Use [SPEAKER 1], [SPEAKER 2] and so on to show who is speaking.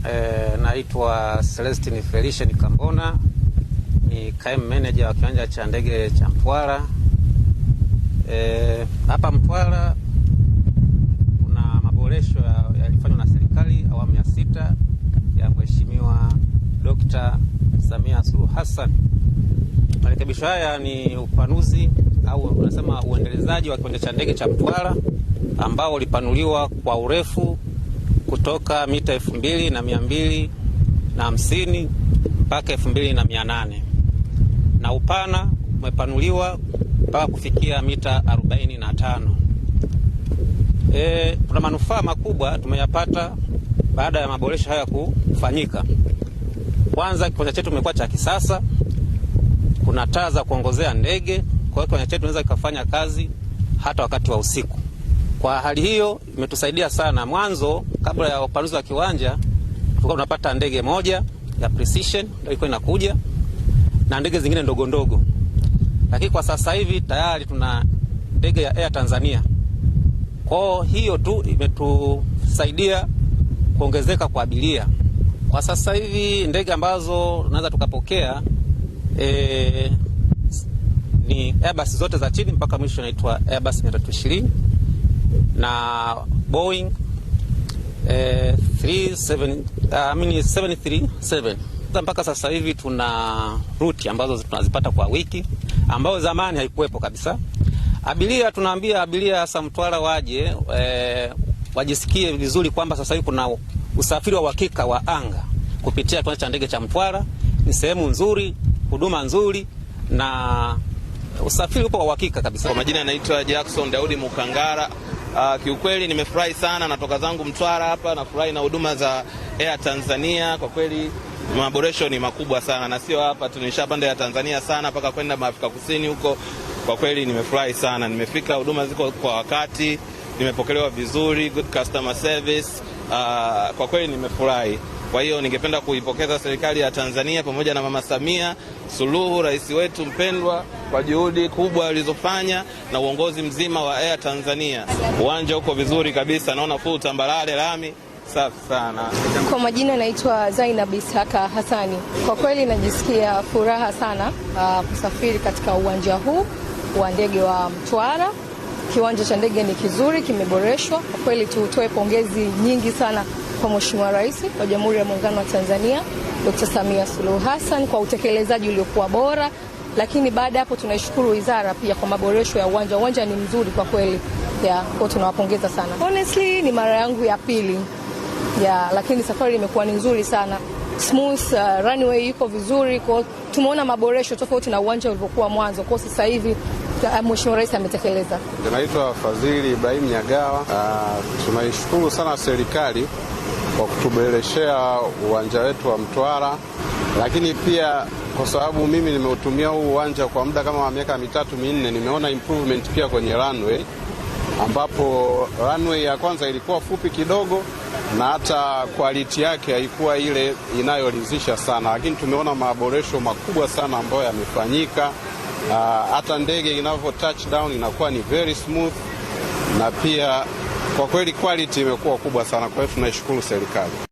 [SPEAKER 1] E, naitwa Celestin Felician Kambona ni kaimu manager wa kiwanja cha ndege cha Mtwara. E, hapa Mtwara kuna maboresho yalifanywa na serikali awamu ya sita ya Mheshimiwa Dr. Samia Suluhu Hassan. Marekebisho haya ni upanuzi au unasema uendelezaji wa kiwanja cha ndege cha Mtwara ambao ulipanuliwa kwa urefu kutoka mita elfu mbili na mia mbili na hamsini mpaka elfu mbili na mia nane na upana umepanuliwa mpaka kufikia mita arobaini na tano. E, kuna manufaa makubwa tumeyapata baada ya maboresho haya kufanyika. Kwanza, kiwanja chetu kimekuwa cha kisasa, kuna taa za kuongozea ndege. Kwa hiyo kiwanja chetu inaweza kikafanya kazi hata wakati wa usiku. Kwa hali hiyo imetusaidia sana. Mwanzo kabla ya upanuzi wa kiwanja tulikuwa tunapata ndege moja ya Precision ndio ilikuwa inakuja na ndege zingine ndogo ndogo, lakini kwa sasa hivi tayari tuna ndege ya Air Tanzania. Kwa hiyo tu imetusaidia kuongezeka kwa abiria. Kwa sasa hivi ndege ambazo tunaweza tukapokea e, ni Airbus zote za chini mpaka mwisho inaitwa Airbus 320 na Boeing eh, 37, I mean 737 mpaka sasa hivi tuna ruti ambazo tunazipata kwa wiki, ambayo zamani haikuwepo kabisa. Abiria tunaambia abiria hasa Mtwara waje eh, wajisikie vizuri kwamba sasa hivi kuna usafiri wa uhakika wa anga kupitia kiwanja cha ndege cha Mtwara. Ni sehemu nzuri, huduma nzuri na usafiri upo wa uhakika kabisa.
[SPEAKER 2] Kwa majina anaitwa Jackson Daudi Mukangara. Uh, kiukweli nimefurahi sana, natoka zangu Mtwara hapa, nafurahi na huduma za Air Tanzania. Kwa kweli maboresho ni makubwa sana, na sio hapa tu, nishapanda Air Tanzania sana mpaka kwenda Afrika Kusini huko. Kwa kweli nimefurahi sana, nimefika, huduma ziko kwa wakati, nimepokelewa vizuri, good customer service. Uh, kwa kweli nimefurahi. Kwa hiyo ningependa kuipokeza serikali ya Tanzania pamoja na Mama Samia Suluhu, rais wetu mpendwa, kwa juhudi kubwa alizofanya na uongozi mzima wa Air Tanzania. Uwanja uko vizuri kabisa, naona full tambarare, lami safi sana.
[SPEAKER 3] Kwa majina naitwa Zainab Isaka Hasani. Kwa kweli najisikia furaha sana uh, kusafiri katika uwanja huu wa ndege wa Mtwara. Kiwanja cha ndege ni kizuri, kimeboreshwa. Kwa kweli tutoe pongezi nyingi sana kwa Mheshimiwa Rais wa Jamhuri ya Muungano wa Tanzania Dr. Samia Suluhu Hassan kwa utekelezaji uliokuwa bora, lakini baada ya hapo tunaishukuru wizara pia kwa maboresho ya uwanja. Uwanja ni mzuri kwa kweli yeah, kwa tunawapongeza sana. Honestly ni mara yangu ya pili ya, lakini safari imekuwa ni nzuri sana smooth, uh, runway iko vizuri, kwa tumeona maboresho tofauti na uwanja ulivyokuwa mwanzo, kwa sasa hivi uh, Mheshimiwa Rais ametekeleza.
[SPEAKER 4] Naitwa Fadhili Ibrahim Nyagawa. Uh, tunaishukuru sana serikali kwa kutubereshea uwanja wetu wa Mtwara, lakini pia kwa sababu mimi nimeutumia huu uwanja kwa muda kama wa miaka mitatu minne, nimeona improvement pia kwenye runway ambapo runway ya kwanza ilikuwa fupi kidogo na hata kwaliti yake haikuwa ile inayoridhisha sana, lakini tumeona maboresho makubwa sana ambayo yamefanyika. Ah, hata ndege inavyo touchdown inakuwa ni very smooth, na pia kwa kweli quality imekuwa kubwa sana. Kwa hiyo tunaishukuru serikali.